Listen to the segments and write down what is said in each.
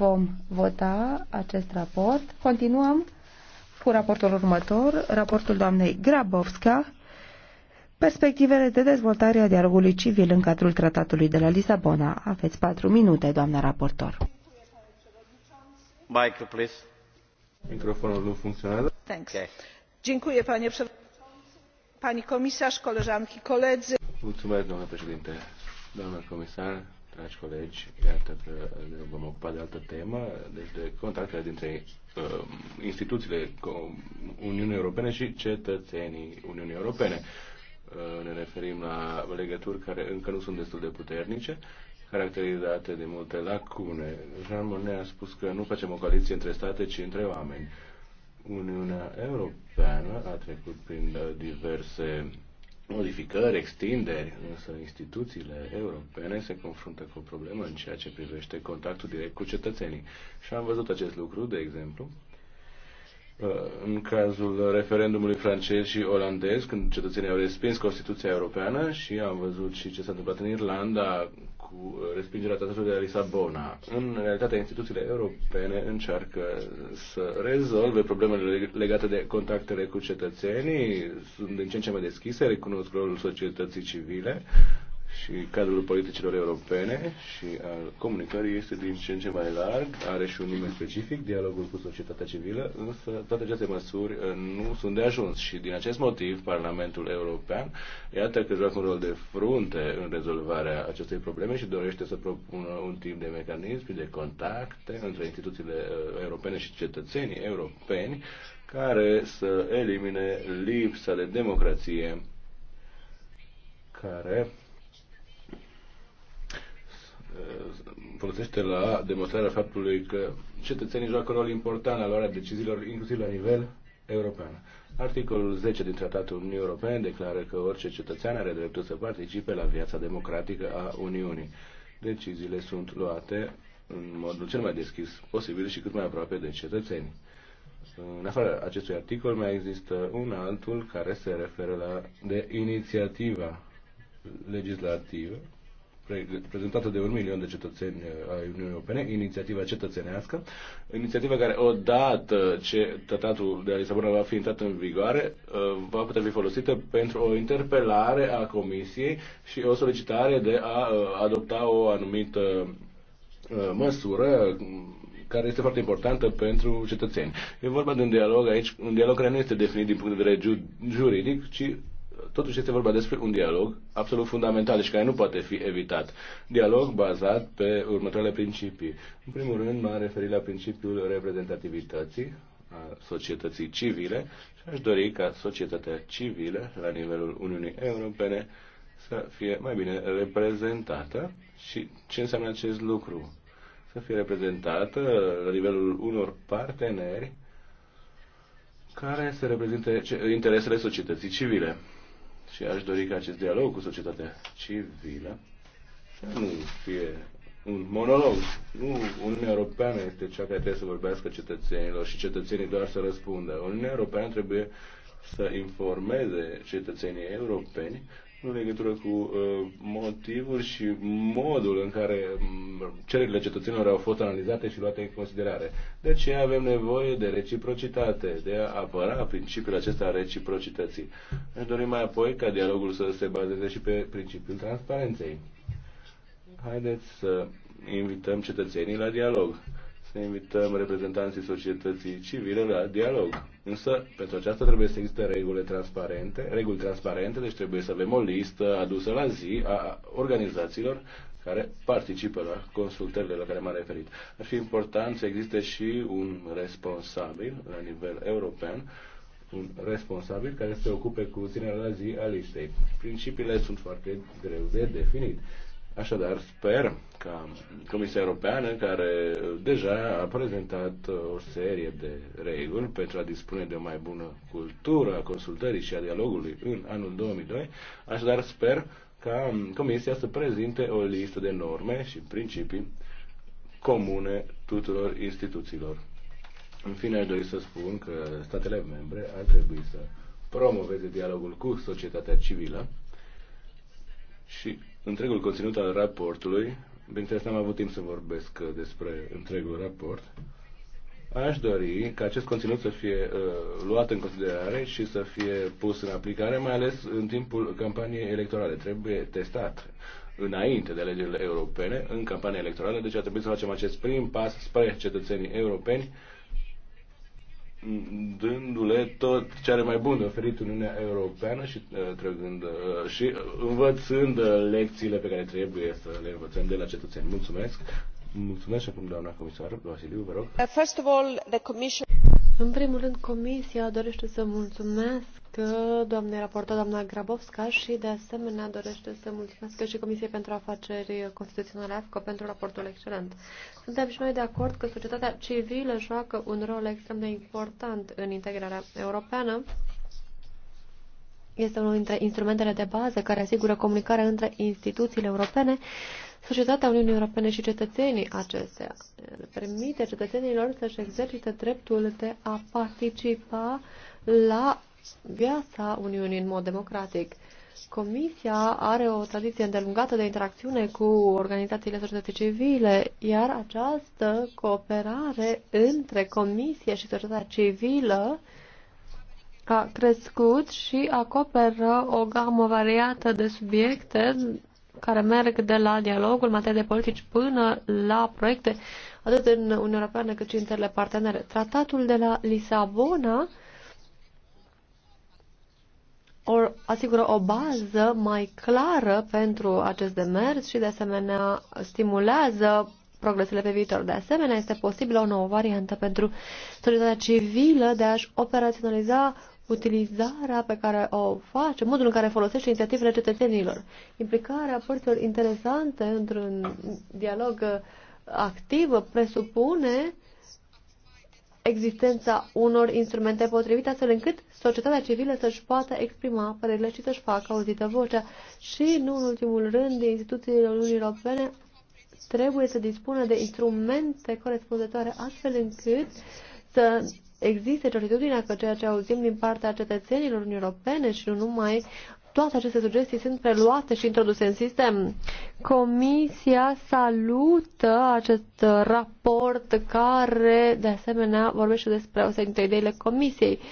vom vota acest raport. Continuăm cu raportul următor, raportul doamnei Grabovska, perspectivele de dezvoltare a dialogului civil în cadrul tratatului de la Lisabona. Aveți patru minute, doamna raportor. Micro, please. Microfonul nu funcționează. Thanks. Okay. Dziękuję, panie pani komisarz, koleżanki, koledzy. Mulțumesc, doamnă președinte, doamnă comisar, dragi colegi, iată că ne vom ocupa de altă temă, deci de contactele dintre uh, instituțiile Uniunii Europene și cetățenii Uniunii Europene. Uh, ne referim la legături care încă nu sunt destul de puternice, caracterizate de multe lacune. Jean Monnet a spus că nu facem o coaliție între state, ci între oameni. Uniunea Europeană a trecut prin diverse modificări, extinderi, însă instituțiile europene se confruntă cu o problemă în ceea ce privește contactul direct cu cetățenii. Și am văzut acest lucru, de exemplu, uh, în cazul referendumului francez și olandez, când cetățenii au respins Constituția Europeană și am văzut și ce s-a întâmplat în Irlanda cu uh, respingerea tratatului de la Lisabona. În realitate, instituțiile europene încearcă să rezolve problemele legate de contactele cu cetățenii, sunt din ce în ce mai deschise, recunosc rolul societății civile, și cadrul politicilor europene și al comunicării este din ce în ce mai larg, are și un nume specific, dialogul cu societatea civilă, însă toate aceste măsuri uh, nu sunt de ajuns și din acest motiv Parlamentul European iată că joacă un rol de frunte în rezolvarea acestei probleme și dorește să propună un tip de mecanism de contacte între instituțiile uh, europene și cetățenii europeni care să elimine lipsa de democrație care folosește la demonstrarea faptului că cetățenii joacă un rol important la luarea deciziilor, inclusiv la nivel european. Articolul 10 din Tratatul Uniunii Europene declară că orice cetățean are dreptul să participe la viața democratică a Uniunii. Deciziile sunt luate în modul cel mai deschis posibil și cât mai aproape de cetățeni. În afară acestui articol mai există un altul care se referă la de inițiativa legislativă prezentată de un milion de cetățeni uh, ai Uniunii Europene, inițiativa cetățenească, inițiativa care, odată ce tratatul de la Lisabona va fi intrat în vigoare, uh, va putea fi folosită pentru o interpelare a Comisiei și o solicitare de a uh, adopta o anumită măsură care este foarte importantă pentru cetățeni. E vorba de un dialog aici, un dialog care nu este definit din punct de vedere juridic, ci Totuși este vorba despre un dialog absolut fundamental și care nu poate fi evitat. Dialog bazat pe următoarele principii. În primul rând m-am referit la principiul reprezentativității a societății civile și aș dori ca societatea civilă la nivelul Uniunii Europene să fie mai bine reprezentată și ce înseamnă acest lucru? Să fie reprezentată la nivelul unor parteneri care să reprezinte interesele societății civile. Și aș dori ca acest dialog cu societatea civilă să nu fie un monolog. Nu Uniunea Europeană este cea care trebuie să vorbească cetățenilor și cetățenii doar să răspundă. Uniunea Europeană trebuie să informeze cetățenii europeni în legătură cu uh, motivul și modul în care mm, cererile cetățenilor au fost analizate și luate în considerare. De ce avem nevoie de reciprocitate, de a apăra principiul acesta a reciprocității. Ne dorim mai apoi ca dialogul să se bazeze și pe principiul transparenței. Haideți să invităm cetățenii la dialog să invităm reprezentanții societății civile la dialog. Însă, pentru aceasta trebuie să existe reguli transparente, reguli transparente, deci trebuie să avem o listă adusă la zi a organizațiilor care participă la consultările la care m-am referit. Ar fi important să existe și un responsabil la nivel european, un responsabil care se ocupe cu ținerea la zi a listei. Principiile sunt foarte greu de definit Așadar, sper ca Comisia Europeană, care deja a prezentat o serie de reguli pentru a dispune de o mai bună cultură a consultării și a dialogului în anul 2002, așadar sper ca Comisia să prezinte o listă de norme și principii comune tuturor instituțiilor. În fine, aș dori să spun că statele membre ar trebui să promoveze dialogul cu societatea civilă și întregul conținut al raportului. Bineînțeles, n-am avut timp să vorbesc uh, despre întregul raport. Aș dori ca acest conținut să fie uh, luat în considerare și să fie pus în aplicare, mai ales în timpul campaniei electorale. Trebuie testat înainte de alegerile europene, în campania electorală, deci a trebuit să facem acest prim pas spre cetățenii europeni dându-le tot ce are mai bun de oferit Uniunea Europeană și, uh, trăgând, uh, și învățând uh, lecțiile pe care trebuie să le învățăm de la cetățeni. Mulțumesc! Mulțumesc și acum, doamna comisar Vasiliu, vă rog. First of all, the commission... În primul rând, Comisia dorește să mulțumesc doamnei raportor, doamna Grabovska, și de asemenea dorește să mulțumesc și Comisiei pentru Afaceri Constituționale AFCO pentru raportul excelent. Suntem și noi de acord că societatea civilă joacă un rol extrem de important în integrarea europeană este unul dintre instrumentele de bază care asigură comunicarea între instituțiile europene, societatea Uniunii Europene și cetățenii acestea. Permite cetățenilor să-și exercite dreptul de a participa la viața Uniunii în mod democratic. Comisia are o tradiție îndelungată de interacțiune cu organizațiile societății civile, iar această cooperare între Comisie și societatea civilă a crescut și acoperă o gamă variată de subiecte care merg de la dialogul materie de politici până la proiecte atât în Uniunea Europeană cât și în țările partenere. Tratatul de la Lisabona or, asigură o bază mai clară pentru acest demers și de asemenea stimulează progresele pe viitor. De asemenea, este posibilă o nouă variantă pentru societatea civilă de a-și operaționaliza utilizarea pe care o face, modul în care folosește inițiativele cetățenilor, implicarea părților interesante într-un dialog uh, activ presupune existența unor instrumente potrivite astfel încât societatea civilă să-și poată exprima părerile și să-și facă auzită vocea. Și, nu în ultimul rând, instituțiile Uniunii Europene trebuie să dispună de instrumente corespunzătoare astfel încât să Există certitudinea că ceea ce auzim din partea cetățenilor Uniunii Europene și nu numai toate aceste sugestii sunt preluate și introduse în sistem. Comisia salută acest raport care, de asemenea, vorbește despre o serie dintre ideile Comisiei. Uh,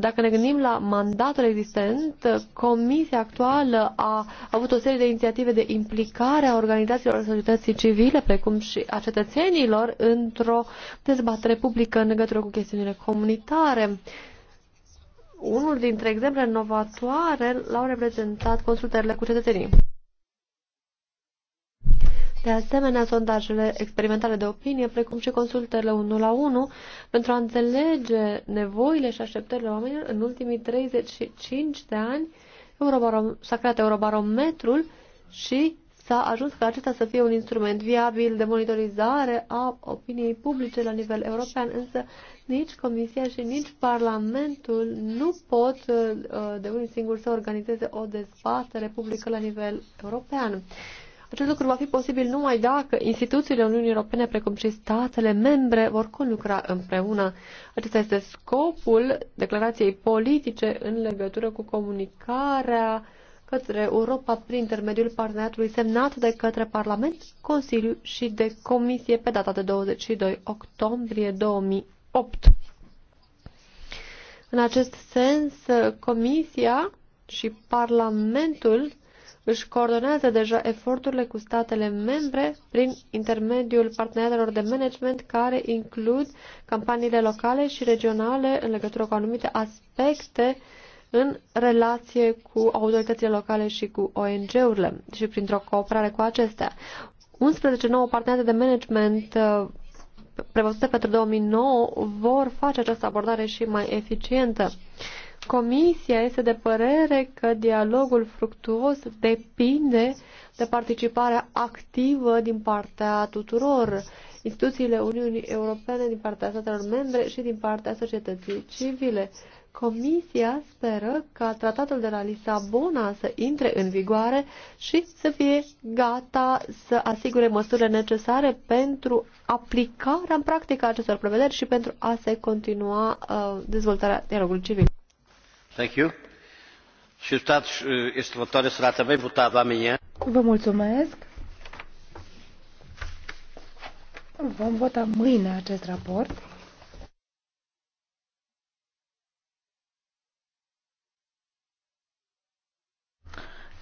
dacă ne gândim la mandatul existent, Comisia actuală a avut o serie de inițiative de implicare a organizațiilor societății civile, precum și a cetățenilor, într-o dezbatere publică în legătură cu chestiunile comunitare. Unul dintre exemple inovatoare l-au reprezentat consultările cu cetățenii. De asemenea, sondajele experimentale de opinie, precum și consultările 1 la 1, pentru a înțelege nevoile și așteptările oamenilor, în ultimii 35 de ani s-a creat Eurobarometrul și s-a ajuns ca acesta să fie un instrument viabil de monitorizare a opiniei publice la nivel european, însă nici Comisia și nici Parlamentul nu pot uh, de unul singur, să organizeze o dezbatere publică la nivel european. Acest lucru va fi posibil numai dacă instituțiile Uniunii Europene, precum și statele membre, vor conlucra împreună. Acesta este scopul declarației politice în legătură cu comunicarea către Europa prin intermediul parteneriatului semnat de către Parlament, Consiliu și de Comisie pe data de 22 octombrie 2008. În acest sens, Comisia și Parlamentul își coordonează deja eforturile cu statele membre prin intermediul partenerilor de management care includ campaniile locale și regionale în legătură cu anumite aspecte în relație cu autoritățile locale și cu ONG-urile și printr-o cooperare cu acestea. 11 nouă parteneri de management uh, prevăzute pentru 2009 vor face această abordare și mai eficientă. Comisia este de părere că dialogul fructuos depinde de participarea activă din partea tuturor instituțiile Uniunii Europene, din partea statelor membre și din partea societății civile. Comisia speră ca tratatul de la Lisabona să intre în vigoare și să fie gata să asigure măsurile necesare pentru aplicarea în practică a acestor prevederi și pentru a se continua uh, dezvoltarea dialogului civil. Uh, Vă mulțumesc. Vom vota mâine acest raport.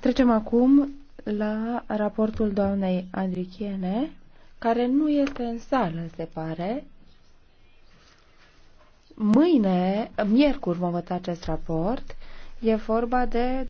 Trecem acum la raportul doamnei Andrichiene, care nu este în sală, se pare. Mâine, miercuri, vom vota acest raport. E vorba de